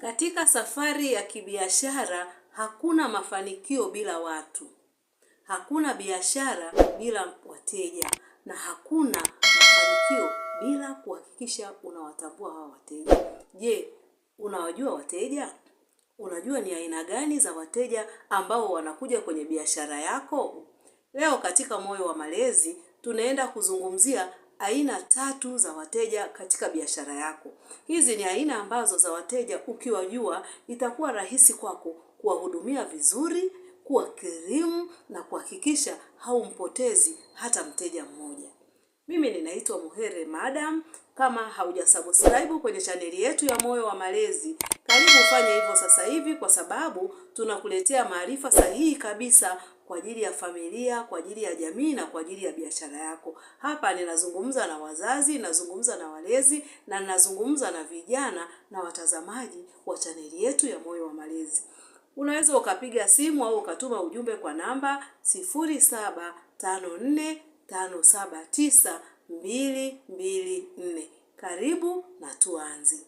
Katika safari ya kibiashara hakuna mafanikio bila watu, hakuna biashara bila wateja, na hakuna mafanikio bila kuhakikisha unawatambua hawa wateja. Je, unawajua wateja? Unajua ni aina gani za wateja ambao wanakuja kwenye biashara yako? Leo katika Moyo wa Malezi tunaenda kuzungumzia aina tatu za wateja katika biashara yako. Hizi ni aina ambazo za wateja ukiwajua, itakuwa rahisi kwako kuwahudumia vizuri, kuwa kirimu na kuhakikisha haumpotezi hata mteja mmoja. Mimi ninaitwa Muhere Madam. Kama haujasubscribe kwenye chaneli yetu ya Moyo wa Malezi, karibu ufanye hivyo sasa hivi, kwa sababu tunakuletea maarifa sahihi kabisa kwa ajili ya familia, kwa ajili ya jamii na kwa ajili ya biashara yako. Hapa ninazungumza na wazazi, ninazungumza na walezi na ninazungumza na vijana na watazamaji wa chaneli yetu ya Moyo wa Malezi. Unaweza ukapiga simu au ukatuma ujumbe kwa namba 0754579224. Karibu na tuanze.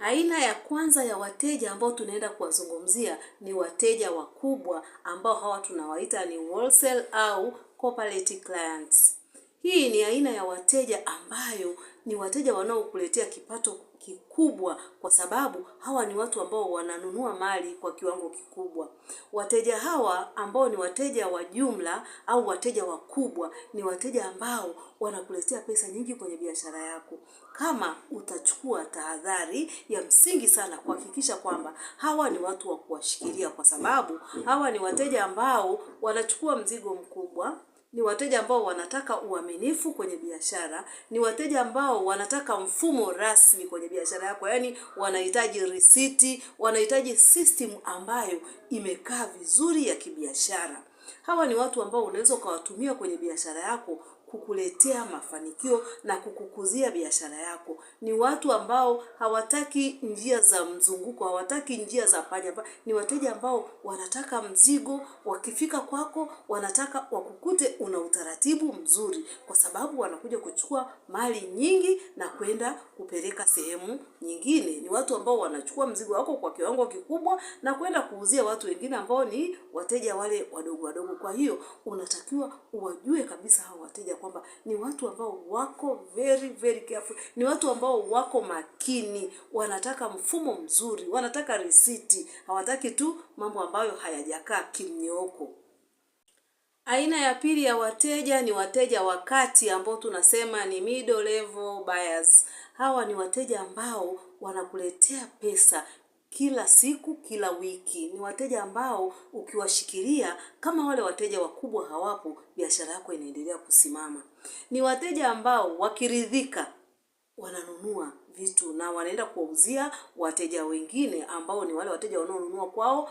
Aina ya kwanza ya wateja ambao tunaenda kuwazungumzia ni wateja wakubwa ambao hawa tunawaita ni wholesale au corporate clients. Hii ni aina ya wateja ambayo ni wateja wanaokuletea kipato kikubwa, kwa sababu hawa ni watu ambao wananunua mali kwa kiwango kikubwa. Wateja hawa ambao ni wateja wa jumla au wateja wakubwa, ni wateja ambao wanakuletea pesa nyingi kwenye biashara yako, kama utachukua tahadhari ya msingi sana kuhakikisha kwamba hawa ni watu wa kuwashikilia, kwa sababu hawa ni wateja ambao wanachukua mzigo mkubwa ni wateja ambao wanataka uaminifu kwenye biashara, ni wateja ambao wanataka mfumo rasmi kwenye biashara yako, yaani wanahitaji risiti, wanahitaji system ambayo imekaa vizuri ya kibiashara. Hawa ni watu ambao unaweza ukawatumia kwenye biashara yako kukuletea mafanikio na kukukuzia biashara yako. Ni watu ambao hawataki njia za mzunguko, hawataki njia za panya. Ni wateja ambao wanataka mzigo, wakifika kwako wanataka wakukute una utaratibu mzuri, kwa sababu wanakuja kuchukua mali nyingi na kwenda kupeleka sehemu nyingine. Ni watu ambao wanachukua mzigo wako kwa kiwango kikubwa na kwenda kuuzia watu wengine ambao ni wateja wale wadogo wadogo. Kwa hiyo unatakiwa uwajue kabisa hao wateja ya kwamba ni watu ambao wako very very careful, ni watu ambao wako makini, wanataka mfumo mzuri, wanataka risiti, hawataki tu mambo ambayo hayajakaa kimnyoko. Aina ya pili ya wateja ni wateja wa kati ambao tunasema ni middle level buyers. Hawa ni wateja ambao wanakuletea pesa kila siku, kila wiki. Ni wateja ambao ukiwashikilia kama wale wateja wakubwa hawapo, biashara yako inaendelea kusimama. Ni wateja ambao wakiridhika wananunua vitu na wanaenda kuwauzia wateja wengine ambao ni wale wateja wanaonunua kwao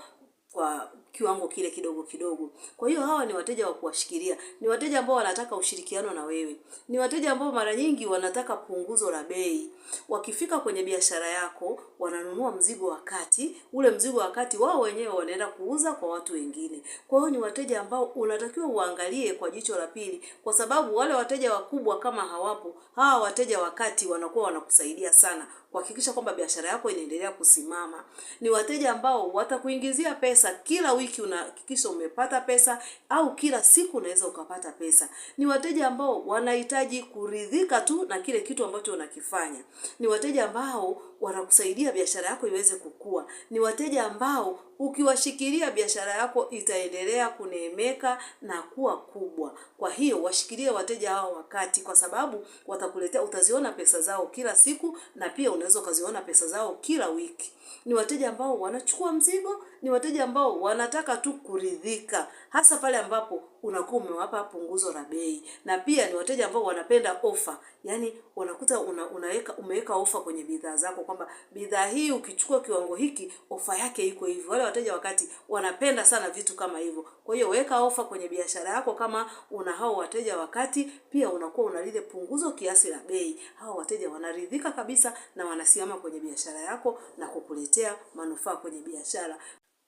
kwa kiwango kile kidogo kidogo. Kwa hiyo hawa ni wateja wa kuwashikilia, ni wateja ambao wanataka ushirikiano na wewe, ni wateja ambao mara nyingi wanataka punguzo la bei. Wakifika kwenye biashara yako, wananunua mzigo wa kati, ule mzigo wa kati wao wenyewe wanaenda kuuza kwa watu wengine. Kwa hiyo ni wateja ambao unatakiwa uangalie kwa jicho la pili, kwa sababu wale wateja wakubwa kama hawapo, hawa wateja wa kati wanakuwa wanakusaidia sana kuhakikisha kwamba biashara yako inaendelea kusimama. Ni wateja ambao watakuingizia pesa pesa kila wiki, unahakikisha umepata pesa, au kila siku unaweza ukapata pesa. Ni wateja ambao wanahitaji kuridhika tu na kile kitu ambacho unakifanya. Ni wateja ambao wanakusaidia biashara yako iweze kukua. Ni wateja ambao ukiwashikilia biashara yako itaendelea kuneemeka na kuwa kubwa. Kwa hiyo washikilie wateja hao wakati, kwa sababu watakuletea, utaziona pesa zao kila siku, na pia unaweza ukaziona pesa zao kila wiki. Ni wateja ambao wanachukua mzigo ni wateja ambao wanataka tu kuridhika, hasa pale ambapo unakuwa umewapa punguzo la bei, na pia ni wateja ambao wanapenda ofa, Yani wanakuta una, unaweka umeweka ofa kwenye bidhaa zako kwamba bidhaa hii ukichukua kiwango hiki ofa yake iko hivyo. Wale wateja wakati wanapenda sana vitu kama hivyo. Kwa hiyo weka ofa kwenye biashara yako kama una hao wateja wakati, pia unakuwa una lile punguzo kiasi la bei. Hao wateja wanaridhika kabisa na wanasimama kwenye biashara yako na kukuletea manufaa kwenye biashara.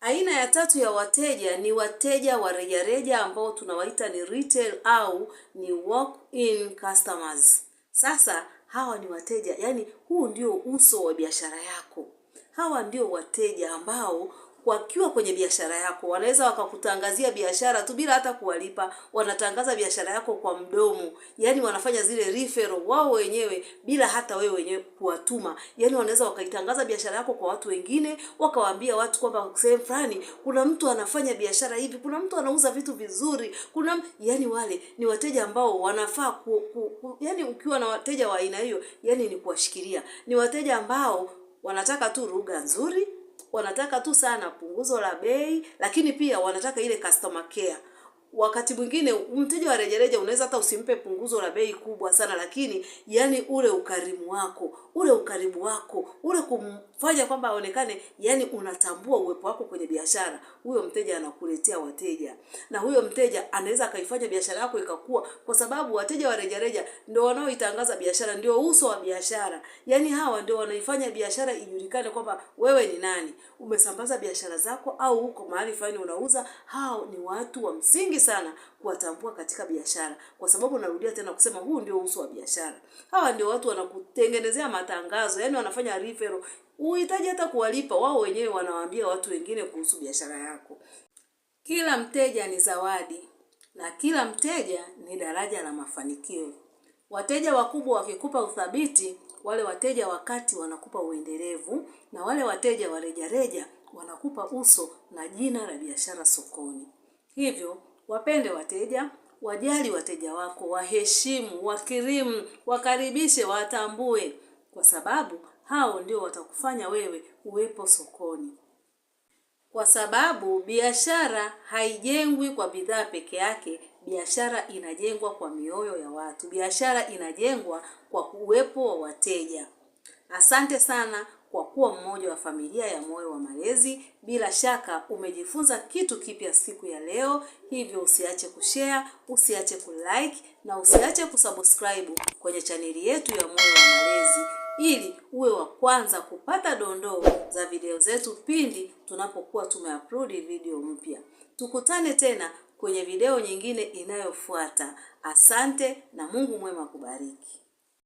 Aina ya tatu ya wateja ni wateja wa rejareja ambao tunawaita ni retail au ni walk-in customers. Sasa hawa ni wateja, yani huu ndio uso wa biashara yako. Hawa ndio wateja ambao wakiwa kwenye biashara yako, wanaweza wakakutangazia biashara tu bila hata kuwalipa. Wanatangaza biashara yako kwa mdomo, yani wanafanya zile referral wao wenyewe bila hata wewe wenyewe kuwatuma. yani wanaweza wakaitangaza biashara yako kwa watu wengine, wakawaambia watu kwamba sehemu fulani kuna mtu anafanya biashara hivi, kuna mtu anauza vitu vizuri, kuna yani, wale ni wateja ambao wanafaa ku, ku, ku, yani ukiwa na wateja wa aina hiyo, yani ni kuwashikilia, ni wateja ambao wanataka tu lugha nzuri wanataka tu sana punguzo la bei, lakini pia wanataka ile customer care wakati mwingine mteja wa rejareja unaweza hata usimpe punguzo la bei kubwa sana, lakini yani ule ukarimu wako, ule ukaribu wako, ule kumfanya kwamba aonekane, yani unatambua uwepo wako kwenye biashara, huyo mteja anakuletea wateja, na huyo mteja anaweza akaifanya biashara yako ikakua, kwa sababu wateja wa rejareja ndio wanaoitangaza biashara, ndio uso wa biashara. Yani hawa ndio wanaifanya biashara ijulikane kwamba wewe ni nani, umesambaza biashara zako au uko mahali fulani unauza. Hao ni watu wa msingi sana kuwatambua katika biashara, kwa sababu narudia tena kusema huu ndio uso wa biashara. Hawa ndio watu wanakutengenezea matangazo, yani wanafanya referral. Uhitaji hata kuwalipa, wao wenyewe wanawaambia watu wengine kuhusu biashara yako. Kila mteja ni zawadi na kila mteja ni daraja la mafanikio. Wateja wakubwa wakikupa uthabiti, wale wateja wakati wanakupa uendelevu, na wale wateja warejareja wanakupa uso na jina la biashara sokoni. Hivyo Wapende wateja, wajali wateja wako, waheshimu, wakirimu, wakaribishe, watambue, kwa sababu hao ndio watakufanya wewe uwepo sokoni, kwa sababu biashara haijengwi kwa bidhaa peke yake. Biashara inajengwa kwa mioyo ya watu. Biashara inajengwa kwa uwepo wa wateja. Asante sana kwa kuwa mmoja wa familia ya Moyo wa Malezi. Bila shaka umejifunza kitu kipya siku ya leo, hivyo usiache kushare, usiache kulike na usiache kusubscribe kwenye chaneli yetu ya Moyo wa Malezi ili uwe wa kwanza kupata dondoo za video zetu pindi tunapokuwa tumeupload video mpya. Tukutane tena kwenye video nyingine inayofuata. Asante na Mungu mwema kubariki.